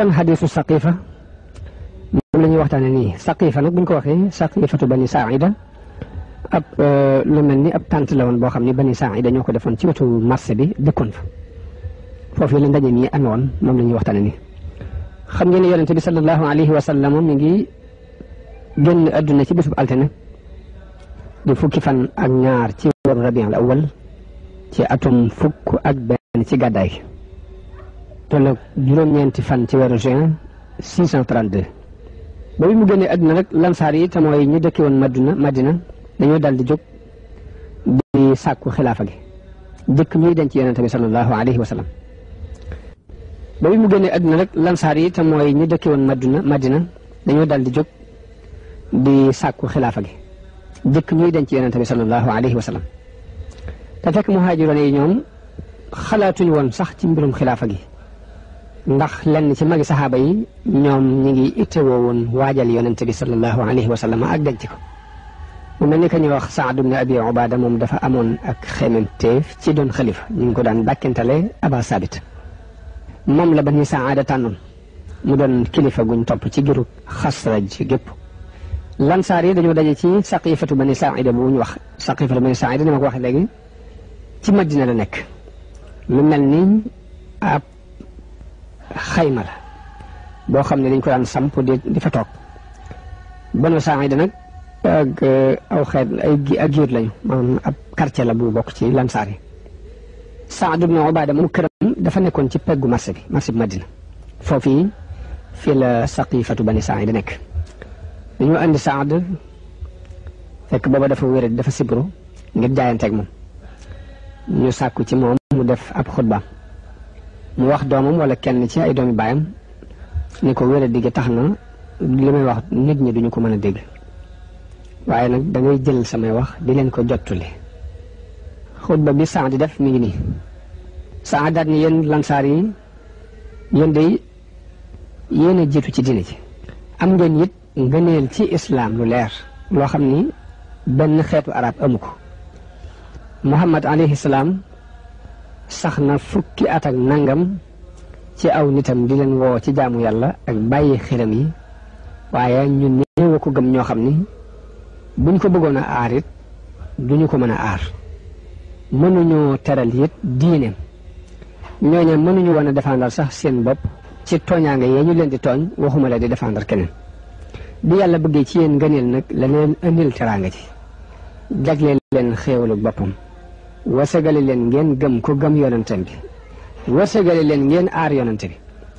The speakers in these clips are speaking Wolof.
kon hadithu saqifa mom lañuy waxtane ni saqifa nak buñ ko eh? bani sa'ida ab eh, lu melni ab tante la won bo xamni bani sa'ida ñoko defon ci wetu marché bi dëkkoon fa fofu la ndaje ni anon mom lañuy waxtane ni xam ngeen ne bi sallallahu alayhi wa sallam mi ngi genn aduna ci bisub altene di fukki fan ak ñaar ci rabiul awwal ci atum fukku ak ben ci gaday tolloog juróom-ñeenti fan ci weeru juin 632 ba bi mu génnee àdduna nag lansaar yi te mooy ñu dëkke woon madina madina dañoo dal di jóg di sàkku xilaafa gi jëkk ñuy denc yonente bi sallallahu alayhi wa sallam ba bi mu génnee àdduna nag lansaar yi te mooy ñu dëkke woon madina madina dañoo dal di jóg di sàkku xilaafa gi jëkk ñuy denc yonente bi sallallahu alayhi wa sallam te fekk muhaajiroon yi ñoom xalaatuñu woon sax ci mbirum xilaafa gi ndax lenn ci magi saxaaba yi ñoom ñi ngi ittewoo woon waajal yonente bi salallahu alayhi wa sallam ak denc ko mu mel ni ka ñu wax saad ibn abi ubada moom dafa amoon ak teef ci doon xalifa ñu ngi ko daan bàkkentale aba sabit moom la ba ni saada tànnoon mu doon kilifa guñ topp ci giru xasraj gépp lansaar yi dañoo daje ci saqifatu bani saida bu ñu wax saqifatu bani saida ni ma ko waxee léegi ci madina la nekk lu mel ni ab xayma la boo xam ne dañ ko daan samp di di toog banu Saayida nag ak uh, aw xeet ay ak giir lañu maanaam ab quartier la bu bokk ci lansaar yi Saad ibn Ubaada mu këram dafa nekkoon ci peggu marché bi marché bi Madina fii la saqifatu bani Saayida nekk dañoo andi Saad fekk booba dafa wér dafa sibru ngir jaayanteeg moom ñu sàkku ci moom mu def ab xutbaam mu wax doomam wala kenn ci ay doomi baayam ni ko wér a digg tax na li may wax nit ñi duñu ko mën a dégg waaye nag dangay jël samay wax di leen ko jottule xutba bi Saad di def mu ngi nii Saad daat ni yéen lansaar yi yéen day yéen jiitu ci diine ji am ngeen it ngëneel ci islaam lu leer loo xam ni benn xeetu arab amu ko Muhammad salaam sax na fukki at ak nangam ci aw nitam di leen woo ci jaamu yàlla ak bàyyi xiram yi waaye ñu néew ko gëm ñoo xam ni buñ ko bëggoon a aar it duñu ko mën a aar mënuñoo teral it diineem ñooñu mënuñu woon a défendre sax seen bopp ci tooñaange yee ñu leen di tooñ waxuma la di défendre keneen bi yàlla bëggee ci yéen ngëneel nag la leen indil teraanga ci jagleel leen xéewalu boppam wasagali leen ngeen gëm ko gëm yonentam bi wasagali leen ngeen aar yonent bi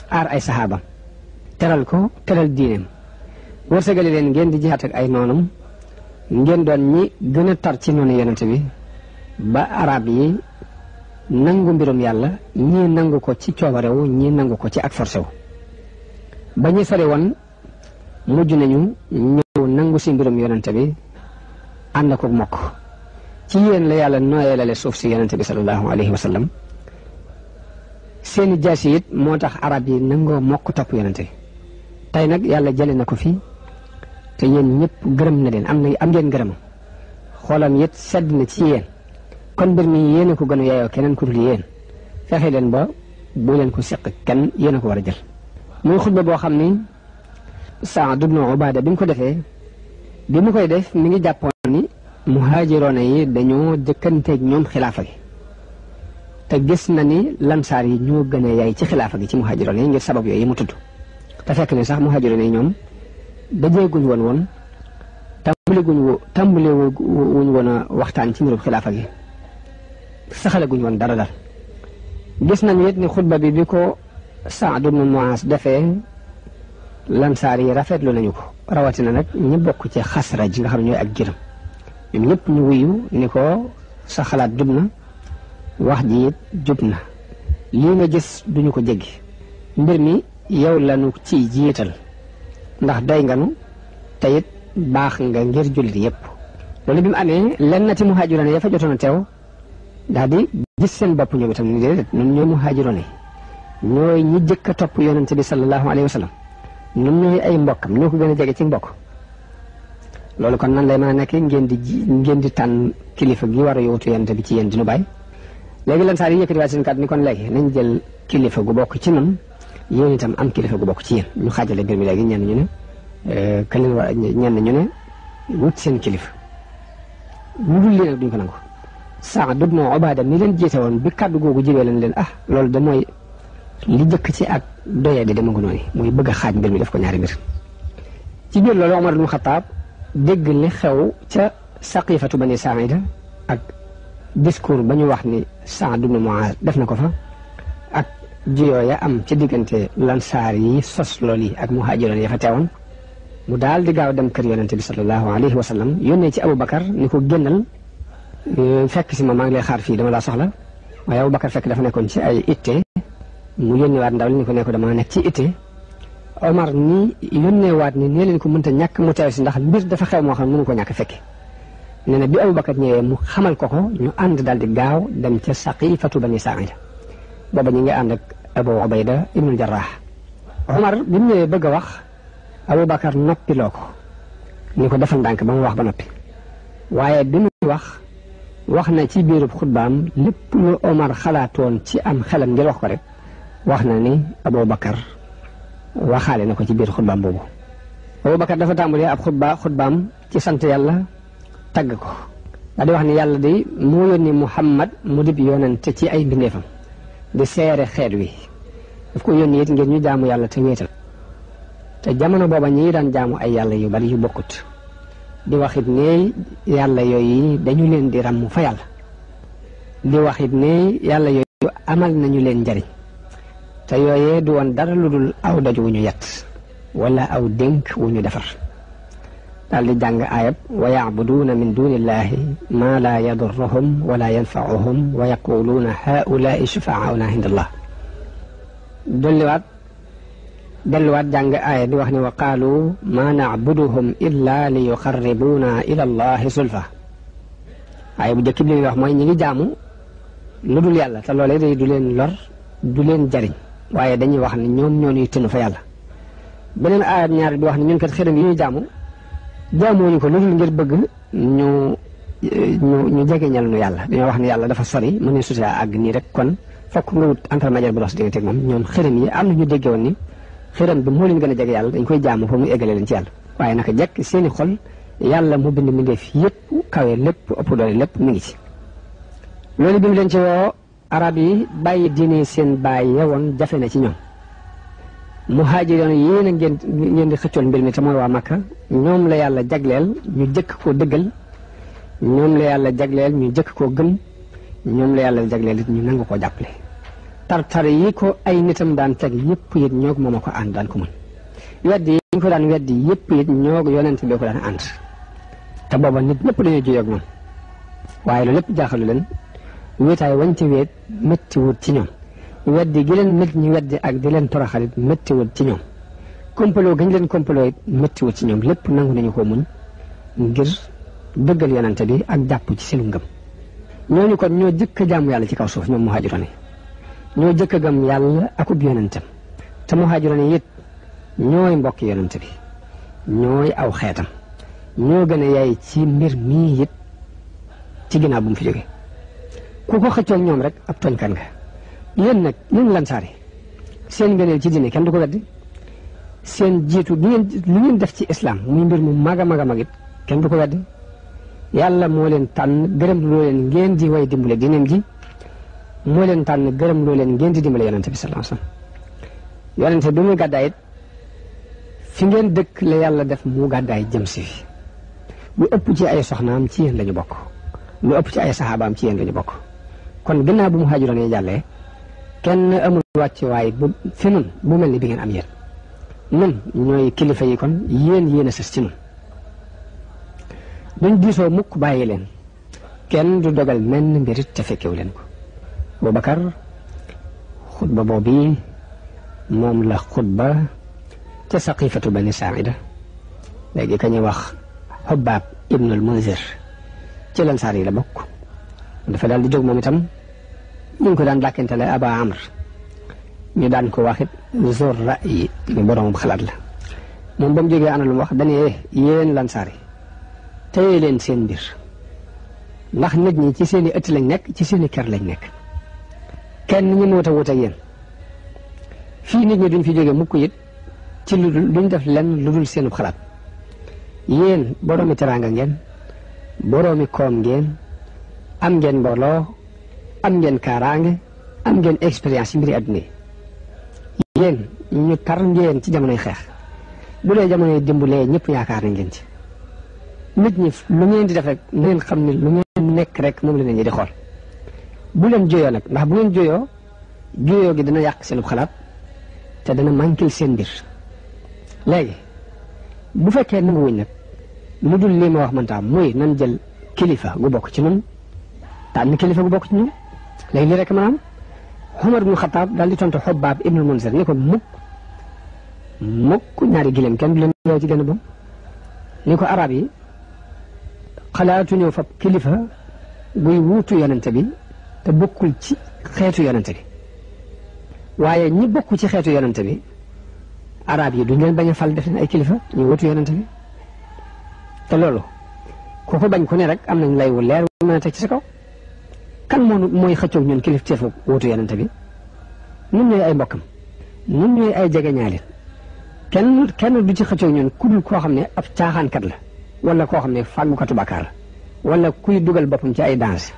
aar ay saxaabam teral ko teral diineem wasagali leen ngeen di jihaat ay noonam ngeen doon ñi gën a tar ci noonu yonent bi ba arab yi nangu mbirum yàlla ñii nangu ko ci coobarewu ñii nangu ko ci ak forcé wu ba ñu sori woon mujj nañu ñëw nangu si mbirum yonent bi ànd ko mokk تين لا يعلن نوايا لا لسوف سيان النبي صلى الله عليه وسلم سين جاسيت موتاخ عربي نانغو موكو توك يانتي يالا جالي نكو في تا نيب غرم نالين امنا ام دين غرم خولام يت سد نا تيين كون بير غنو يايو كينن كو ليين فخي بو لين سيق كان يين كو مو خطبه بو خامني سعد بن عباده بيم كو ديفه بيم جابو muhaajiroona yi dañoo jëkkanteeg ñoom xilaafa gi te gis na ni lansaar yi ñoo gën a yaay ci xilaafa gi ci muhaajiroona yi ngir sabab yooyu mu tudd te fekk ne sax muhaajiroona yi ñoom dajeeguñ woon woon tàmbali guñ tàmbali wuñ woon a waxtaan ci mbirum xilaafa gi saxale guñ woon dara dara gis nañu it ni xutba bi bi ko Saad ibnu Muaas defee lansaar yi rafetlu nañu ko rawatina nag ñi bokk ci xasraj nga xam ñooy ak jërëm ñoom ñëpp ñu wuyu ni ko sa xalaat jub na wax ji jub na lii nga gis duñu ko jéggi mbir mi yow lanu ci jiital ndax doy nga nu te it baax nga ngir jullit yëpp loolu bi mu amee lenn na ci muhaajiroon ya fa jotoon a teew daal di gis seen bopp ñoom itam ni déedéet ñun ñooy muhaajiroon yi ñooy ñi jëkk a topp yonente bi sallallahu alayhi wa sallam ñun ñooy ay mbokkam ñoo ko gën a jege ci mbokk loolu kon nan lay mën a nekkee ngeen di ji ngeen di tànn kilifa gi war a yowutu yonent bi ci yéen di nu bàyyi léegi lan saa yi yëkkati waat seen kàddu ni kon léegi nañ jël kilifa gu bokk ci ñun yéen itam am kilifa gu bokk ci yéen ñu xaajale mbir mi léegi ñenn ñu ne eh, ka leen war a ñenn ñu ne seen kilifa lu dul lii ko nangu saa dub na ni leen jiite woon bi kàddu googu jibee leen leen ah loolu da mooy li jëkk ci ak doyee di dama ngu noonu muy bëgg xaaj mbir mi def ko ñaari mbir ci biir loolu Omar ibn Xattaab dégg li xew ca saqifatu bani saida ak discours ba ñu wax ni Saad ibn Muaz def na ko fa ak juyoo ya am ci diggante lansaar yi sos lool yi ak muhaajiroon yi fa teewoon mu daal di gaaw dem kër yonente bi sallallahu alayhi wa sallam yónnee ci Aboubacar ni ko génnal euh, fekk si ma maa ngi lay xaar fii dama laa soxla waaye Aboubacar fekk dafa nekkoon ci ay itte mu yónni waat ndaw li ni ko nekk dama nekk ci itte Omar nii yónneewaat ni nee leen ko mënta ñàkk mu teew ndax mbir dafa xew moo xam ne mënu ko ñàkk fekke nee na bi Abubakar ñëwee mu xamal ko ko ñu ànd daal di gaaw dem ca saqifatu Bani Saa'ida booba ñu ngi ànd ak Abu Ubayda ibnul jarrah Omar bi mu ñëwee bëgg a wax Abubakar noppiloo ko ni ko defal ndànk ba mu wax ba noppi waaye bi mu wax wax na ci biirub xutbaam lépp lu Omar xalaatoon ci am xelam ngir wax ko rek wax na ni Abubakar waxaale na ko ci biir xutbaam boobu Abubakar dafa tàmbalee ab xutba xutbaam ci sant yàlla tagg ko daal di wax ni yàlla de moo yónni Muhammad mu dib yonent ci ay mbindeefam di seere xeet wi daf ko yónni it ngir ñu jaamu yàlla te wéetal te jamono booba ñi daan jaamu ay yàlla yu bari yu bokkut di waxit ne yàlla yooyu dañu leen di ràmm fa yàlla di waxit ne yàlla yooyu amal nañu leen njariñ te yooyee du woon dara lu dul aw doj wu ñu yett wala aw dénk wu ñu defar daal di jàng ayab wa yacbuduuna min dunillahi maa laa yadurruhum wala yanfacuhum wa yaquluuna haulaai shufaauna inda allah dolliwaat delluwaat jàng aaya di wax ne wa qaalu maa nacbuduhum illa li yuqarribuuna ila allahi sulfa waaye bu jëkk bi li muy wax mooy ñi ngi jaamu lu dul yàlla te loolee day du leen lor du leen jariñ waaye dañuy wax ni ñoom ñoo ñuy tënn fa yàlla beneen aaya ñaar bi wax ne ñun kat xërëm yi ñuy jaamu jaamuñu ko lu dul ngir bëgg ñu ñu ñu jegeñal nu yàlla dañoo wax ne yàlla dafa sori mu ne ak àgg nii rek kon fokk nga wut intermédiaire bu dox si dégg teg moom ñoom xërëm yi am na ñu dégge woon ni xërëm bi moo leen gën a jege yàlla dañ koy jaamu fa mu éggale leen ci yàlla waaye naka jekk seeni xol yàlla mu bind mi ndeef yëpp kawe lépp ëpp doole lépp mi ngi ci arab yi bàyyi diine seen bàyyi yewoon jafe na ci ñoom muhaajiriin yéen a ngeen ngeen di xëccoon mbir mi te mooy waa Makka ñoom la yàlla jagleel ñu jëkk koo dëggal ñoom la yàlla jagleel ñu jëkk koo gëm ñoom la yàlla jagleel it ñu nangu ko jàppale tartar yi ko ay nitam daan teg yëpp it ñoog moom a ko ànd daan ko mën weddi yi ñu ko daan weddi yëpp it ñoog yonent bi ko daan ànd te booba nit ñëpp dañoo juyee ak moom waaye loolu lépp jaaxalu leen wéetaay wañ ci wéet méttiwut ci ñoom weddi gi leen nit ñi weddi ak di leen toroxalit méttiwut ci ñoom kompaloo gañ leen kompaloo it méttiwut ci ñoom lépp nangu nañu ko muñ ngir dëggal yonante bi ak jàpp ci seenu ngëm ñooñu kon ñoo jëkk jàmm yàlla ci kaw suuf ñoom muhaajiroon yi ñoo jëkk gëm yàlla akub yonantam te muhaajiroon yi it ñooy mbokk yonante bi ñooy aw xeetam ñoo gën a yaay ci mbir mii it ci ginnaaw bu mu fi jógee ku ko xëccoo ñoom rek ab tooñkan nga yéen nag yéen lan saari seen ngeneel ci dine kenn du ko weddi seen jiitu lu ngeen lu ngeen def ci islam muy mbir mu mag a mag a mag it kenn du ko weddi yàlla moo leen tànn gërëm loo leen ngeen di way dimbale diineem ji moo leen tànn gërëm loo leen ngeen di dimbale yonente bi sallallahu alayhi yonente bi muy gàddaa it fi ngeen dëkk la yàlla def mu gàddaay jëm si fi lu ëpp ci ay soxnaam ci yéen la ñu bokk lu ëpp ci ay saxaabaam ci yéen la ñu bokk kon gannaaw bu mu muhaajiroon yi jàlle kenn amul wàccuwaay bu fi nun bu mel ni bi ngeen am yéen nun ñooy kilifa yi kon yéen yéen a sës ci nun duñ diisoo mukk bàyyi leen kenn du dogal menn mbirit te fekkewu leen ko Boubacar xutba boobu moom la xutba ca saqifatu bani saida léegi ka ñuy wax Xubaab ibnul Munzir ci lan saar yi la bokk dafa daal di jóg moom itam ñu ngi ko daan làkkantele aba amr ñu daan ko waxit zor ra yi ñu boroomam xalaat la moom ba mu jógee ana lu mu wax danee yéen lansaari téye leen seen mbir ndax nit ñi ci seeni i ëtt lañ nekk ci seeni ker lañ nekk kenn ñu wut a wut ak fii nit ñi duñ fi jógee mukk it ci lu duñ def lenn lu dul seen xalaat yeen boroomi teraanga ngeen boroomi koom ngeen am ngeen mbooloo am ngeen kaaraange am ngeen expérience yi mbiri àdduna yi yéen ñu tar ngeen ci jamonoy xeex bu dee jamonoy dimbalee ñëpp yaakaar nañ ngeen ci nit ñi lu ngeen di def na ngeen xam ne lu nekk rek moom la nit ñi di xool bu leen jooyoo nag ndax bu ngeen jooyoo jooyoo gi dana yàq seenub xalaat te dana manquil seen mbir léegi bu fekkee nanguwuñ nag lu dul lii ma wax man taam muy nan jël kilifa gu bokk ci nun tànn kilifa gu bokk ci ñun léegi lii rek maanaam Omar ibnu Xataab daal di tontu Xobbaab ibnu Munzir ni ko mukk mukk ñaari gileem kenn du leen yow ci gën a ni ko arab yi xalaatuñu fab kilifa guy wuutu yonente bi te bokkul ci xeetu yonente bi waaye ñi bokk ci xeetu yonente bi arab yi duñ leen bañ a fal def leen ay kilifa ñu wuutu yonente bi te loolu ku ko bañ ku ne rek am nañ lay wu leer wu mën a ci sa kan moo mooy xëccoog ñun kilifteefu wuutu yonente bi ñun ñooy ay mbokkam ñun ñooy ay jegeñaale kenn kenn du ci xëccoog ñun ku dul koo xam ne ab caaxaankat la wala koo xam ne fàggukatu bàkkaar la wala kuy dugal boppam ci ay danse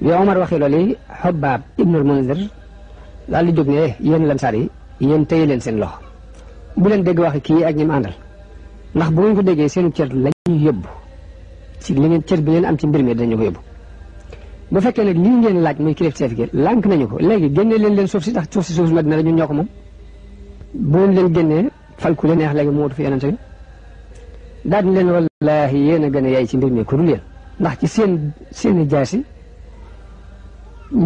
bi Omar waxee loolu Xobbaab Ibnul Munzir daal di jóg ne yéen lan sar yi yéen téye leen seen loxo bu leen dégg waxi kii ak ñi mu àndal ndax bu ngeen ko déggee seen cër la ñuy yóbbu ci li ngeen cër bi ngeen am ci mbir mi dañu bu fekkee nag lii ngeen laaj muy kilifteef gi lànk nañu ko léegi génne leen leen suuf si ndax suuf si suuf Madina la ñun ñoo ko moom bu leen génnee fal ku neex léegi moo fi yonente bi leen wallaahi yéen a gën a ci mbir mi ku ndax ci seen seeni i jaasi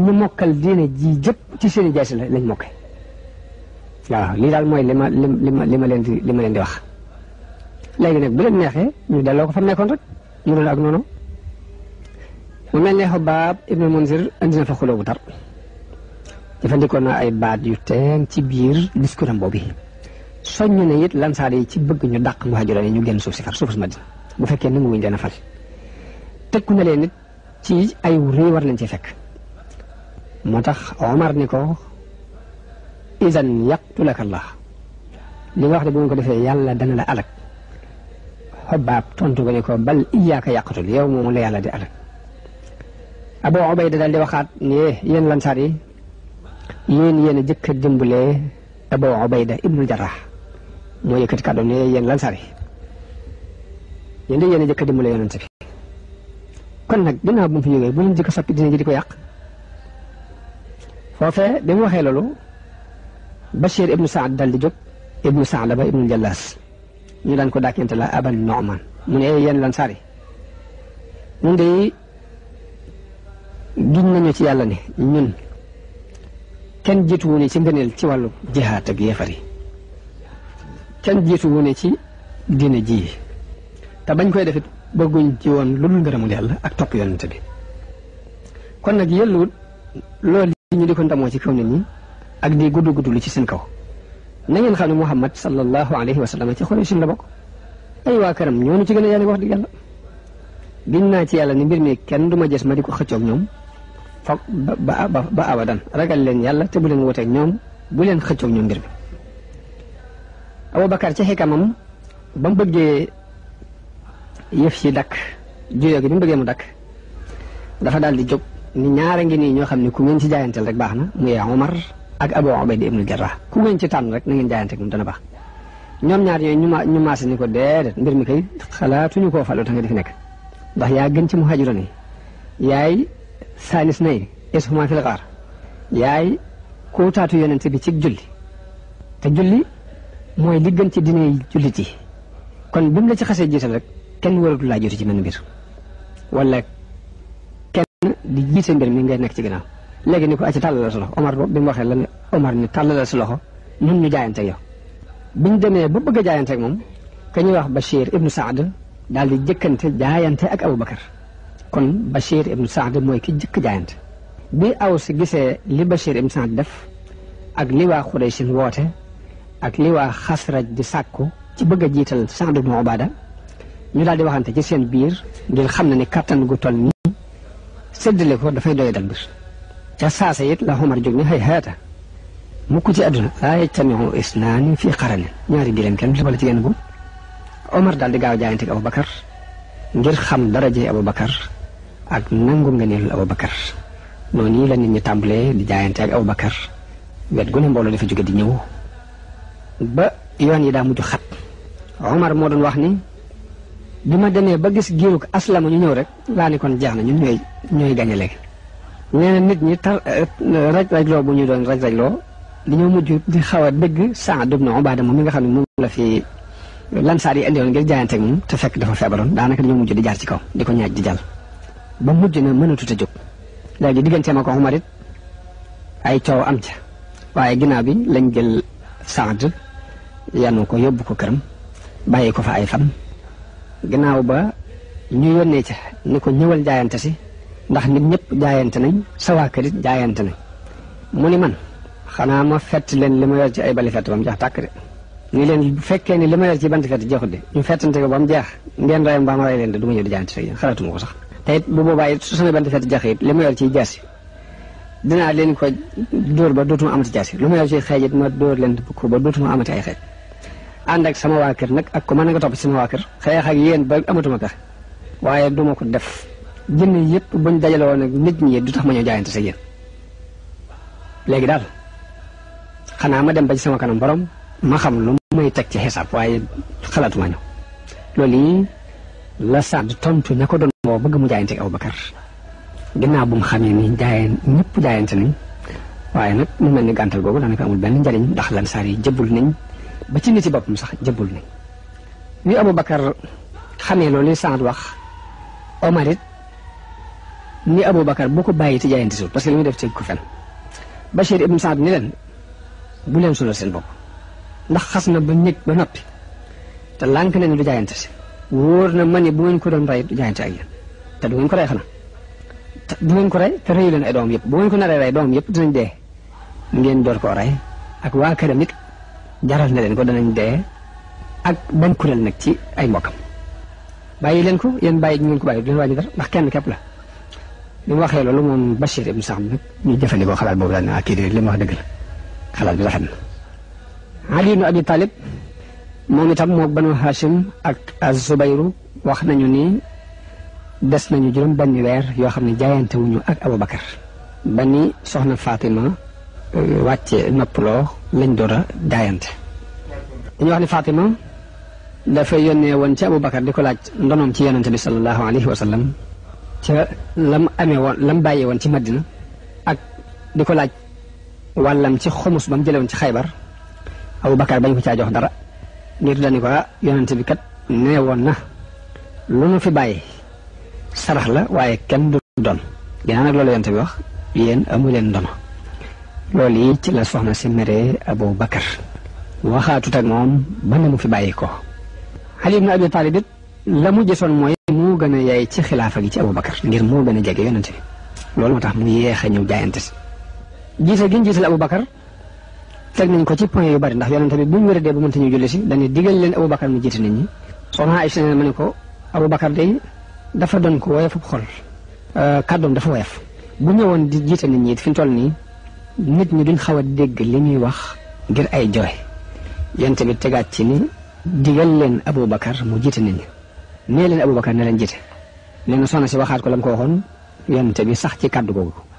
ñu mokkal diine ji jëpp ci seen i jaasi la lañ mokkee waaw lii daal mooy li ma li ma li ma leen di li ma leen di wax léegi nag bu leen neexee ñu delloo ko fa nekkoon rek ñu doon ak noonu ملني حباب ابن ان عندنا فخو لو ان ديفانديكونا اي بعد ان تين تي بير ان بوبي سوني نيت لانسار يي تي بغ ني داك مو حاجوراني ني ген سوف سفر سوف مدي بو فكي نغ وي دينا فال تكو نالي نيت تي اي ري وار نانتي فك موتاخ عمر نيكو اذن يقتلك الله لي واخ دي بونكو ديفاي يالا دانا لا الك حباب تونتو غنيكو بل اياك يقتل يوم مولا يالا دي الك Abu Ubayda daal di waxaat ne yéen lansaar yi yéen yéen a jëkk a dimbalee Abu Ubayda ibnu Jarrah moo yëkkati kàddoom ne yéen lansaar yi yéen de yéen a jëkk a dimbalee yonent kon nag ginnaaw bu mu fi jógee bu leen jëkk a dina ji di ko yàq foofee bi mu waxee loolu Bachir ibnu Saad daal di jóg ibnu Saad ba ibnu Jallaas ñu daan ko dàkkante la Aban Nooman mu ne yéen lansaar yi giñ nañu ci yàlla ne ñun kenn jiitu wu ne ci ngëneel ci wàllu jihaat ak yeefar yi kenn jiitu wu ne ci diine ji te bañ koy defit bëgguñ ci woon lu dul ngërëmul yàlla ak topp yonent bi kon nag yëlluwut loolu ñu di ko ndamoo ci kaw nit ñi ak di gudd gudd lu ci seen kaw na ngeen xam ne Muhammad sallallahu alayhi wa sallam ci Quraysh la bokk ay waa këram ñoo ñu ci gën a yàlla wax dëgg yàlla giñ naa ci yàlla ni mbir mi kenn du ma gis ma di ko xëccoog ñoom foog ba ba ba abadan ragal leen yàlla te bu leen wuteeg ñoom bu leen xëccoog ñoom mbir mi Aboubacar ci xikamam ba mu bëggee yëf ci dakk juyoo gi bi mu bëggee mu dakk dafa daal di jog ni ñaara ngi nii ñoo xam ne ku ngeen ci jaayanteel rek baax na muy Omar ak Abu Ubayda ibnu Jarrah ku ngeen ci tànn rek na ngeen jaayanteeg moom dana baax ñoom ñaar ñooy ñu maase ni ko déedéet mbir mi kay xalaatuñu koo falu ta nga nekk ndax yaa gën ci muhaajiroon yi saalis nay yasufumaa fil xaar yaay kuutaatu yonent bi ci julli te julli mooy li gën ci jullit yi kon bi mu la ci xasee jiital rek kenn waratu laa jiitu ci mel mbir wala kenn di jiite mbir mi ngay nekk ci ginnaaw léegi ni ko acci tàllal sa loxo Omar bi mu waxee lan Omar ni tàllal sa loxo nun ñu jaayanteeg yow biñ demee ba bëgg a jaayanteeg moom ka ñuy wax Bachir ibnu Saad daal di jëkkante jaayante ak Aboubacar kon Bachir ibn Saad mooy ki jëkk jaayante bi Aws gisee li Bachir ibn Saad def ak li waa Xuraysin woote ak li waa Xasraj di sàkku ci bëgg a jiital Saad ibn Ubaada ñu daal di waxante ci seen biir ngir xam na ni kattan gu toll nii séddale ko dafay doy dal bir ca saasa it la Omar jóg ni xëy xeeta mukk ci àdduna laa yajtamiu isnaani fii xaralin ñaari biiram ci genn bu Omar daal di gaaw jaayante ak Abubakar ngir xam daraje bakar ak nangu abou Aboubacar noni la nit ñi tambalé di jaayante ak Aboubacar wet gune mbolo mbooloo dafa jóge di ñew ba yoon yi daa mujj xat Omar mo doon wax ni bima ma ba gis giirug aslama ñu ñew rek la ni kon jaxna ñun ñoy ñoy nit ñi tar eh, raj lo bu ñu doon raj rajloo dañoo mujj di xawa a dégg Saad ibn mi nga xam la fi lansaar yi indiwoon ngir jaayanteeg moom te fekk dafa feebaroon daanaka dañoo mujj di jaar ci kaw di ko ñaaj di jàll ba mujj na mënatut a jóg léegi digganteem ak Umar it ay coow am ca waaye ginnaaw bi lañ jël Saad yanu ko yóbbu ko këram bàyyi ko fa ay fan ginnaaw ba ñu yónnee ca ni ko ñëwal jaayante si ndax nit ñëpp jaayante nañ sa waa jaayante nañ mu ni man xanaa ma fett leen li ma yor ci ay bali fett ba mu tàkk de ni leen bu fekkee ni li ma yor ci bant fett joxut de ñu fettante ko ba mu jeex ngeen rey mbaam rey leen de du ma ñëw di jaante fekk xalaatuma ko sax te it bu boobaa it su sama bant fett jax it li ma yor ci jaasi dinaa leen ko dóor ba dootuma amati jaasi lu ma yor ci xeej it ma dóor leen ko ba dootuma amati ay xeej ànd ak sama waa kër nag ak ko mën nga topp sama waa kër xeex ak yéen ba amatuma pexe waaye du ma ko def jënd yëpp buñ dajale woon nag nit ñi du tax ma ñëw jaayante sa yéen léegi daal xanaa ma dem ba ci sama kanam borom ma xam lu may teg ci xisaab waaye xalaatuma ñëw loolu yi la Saad tontu ña ko doon woo bëgg mu jaayante ak Abubakar ginnaaw bu mu xamee ni jaayeen ñëpp jaayante nañ waaye nag mu mel ni gàntal googu daanaka amul benn njariñ ndax lansaar yi jëbbul nañ ba ci ni ci boppam sax jëbbul nañ wi Abubakar xamee loolu li Saad wax Omar it ni Abubakar bu ko bàyyi te jaayante suul parce que li muy def ci ko fen Bachir ibn Saad ni leen bu leen sulal seen bopp ndax xas na ba nit ba noppi te lànk na ne du jaayante si wóor na ma ne bu ngeen ko doon rey du jaayante ak yéen te du ngeen ko rey xanaa te du ngeen ko rey te reyu leen ay doom yëpp bu ngeen ko naree rey doom yëpp dinañ dee ngeen door koo ak waa këram it jaral na leen ko danañ dee ak ban kuréel nag ci ay mbokkam bàyyi leen ko yéen bàyyi ñu ngeen ko bàyyi du leen wàññi dara ndax kenn képp la bi mu waxee loolu moom Bachir ibn Sahm nag ñu jëfandikoo xalaat boobu daal ne ah kii de li mu wax dëgg la xalaat na علي بن ابي طالب مومي تام موك بنو هاشم اك الزبير واخنا نيو ني دس نيو جيروم بن وير يو خامني جايانتي وونو اك ابو بكر بني سخنا فاطمه واتي نوبلو لين دورا جايانتي ني واخني فاطمه دا فاي يوني وون ابو بكر ديكو لاج ندونوم تي يانتبي صلى الله عليه وسلم تا لم امي وون لم بايي وون تي مدينه اك ديكو لاج walam ci xumus bam jëlewon ci xaybar Abu Bakar bañ ko caa jox dara ngir dañu ko ah, yonent bi kat nee woon na lu nu fi bàyyi sarax la waaye kenn du doon ginnaaw nag loolu yonent bi wax yéen amu leen dono loolu yi ci la soxna si meree Abu Bakar waxaatut ak moom ba ne mu fi bàyyi ko Ali ibn Abi Talib it la mu jësoon mooy moo gën a yaay ci xilaafa gi ci Abu Bakar ngir moo gën a jege yonent bi loolu moo tax mu yéex a ñëw jaayante si jiite gi ñu Abu Bakar teg nañ ko ci point yu bari ndax yonente bi buñ wéradee bu mënta ñu julli si dañuy digal leen Aboubacar mu jiite nit ñi soxna ko Aboubacar day dafa doon ko woyofu xol euh, kàddoom dafa woyof bu ñëwoon di jiite nit ñi fi ñu toll nii nit ñi duñ xaw a dégg li ñuy wax ngir ay jooy yonente bi tegaat ci ni digal leen Aboubacar mu jiite nit ñi nee leen Aboubacar ne leen jiite nee na soxna si waxaat ko la mu ko waxoon yonente bi sax ci kàddu googu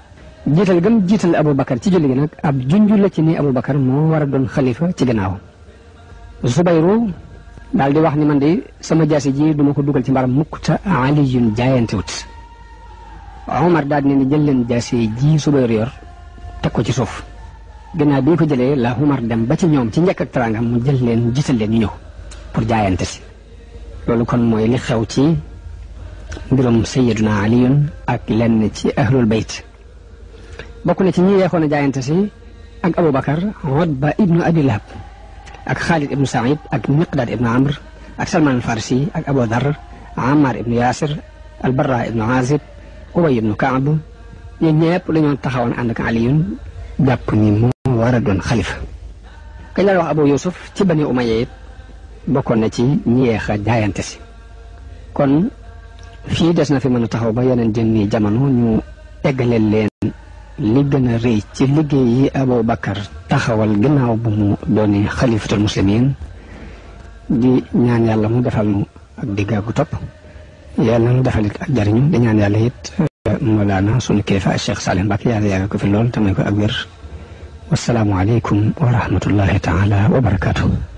jiital gëm jiital Aboubacar ci julli gi nag ab junju la ci ni Aboubacar moo war a doon xalifa ci gannaaw Zubayru daal di wax ni man de sama jaasi ji duma ko dugal ci mbaram mukk te Aliyun jaayante wut Omar daal di ne jël leen jaasi ji Zubayru yor teg ko ci suuf gannaaw bi ñu ko jëlee la Omar dem ba ci ñoom ci njëkk ak teraanga mu jël leen jiital leen ñu ñëw pour jaayante si loolu kon mooy li xew ci mbirum Sayyiduna Aliyun ak lenn ci ahlul bayt بكون تيني يا خونا جاين تسي أك أبو بكر عتبة ابن أبي لهب أك خالد ابن سعيد أك مقداد ابن عمر أك سلمان الفارسي أك أبو ذر عمار ابن ياسر البراء ابن عازب أبي ابن كعب ينيب لنون تخوان عندك عليون دابني مو ورد خليفة قيل له أبو يوسف تبني أمية بكون نتي نيخ جاين تسي كون في دسنا في من تخوبا ينجني جمانون يو أجل اللين li gën a rëy ci liggéey yi Aboubacar taxawal ginnaaw bu mu doone xalifatul muslimin di ñaan yàlla mu defal nu ak diggaagu topp yàlla mu defal it ak jariñu di ñaan yàlla it Mawlaana sunu keefa ak Cheikh Salih Mbacke yàlla yàggal ko fi lool tamay ko ak wér wasalaamualeykum wa rahmatullahi taala wa barakaatu.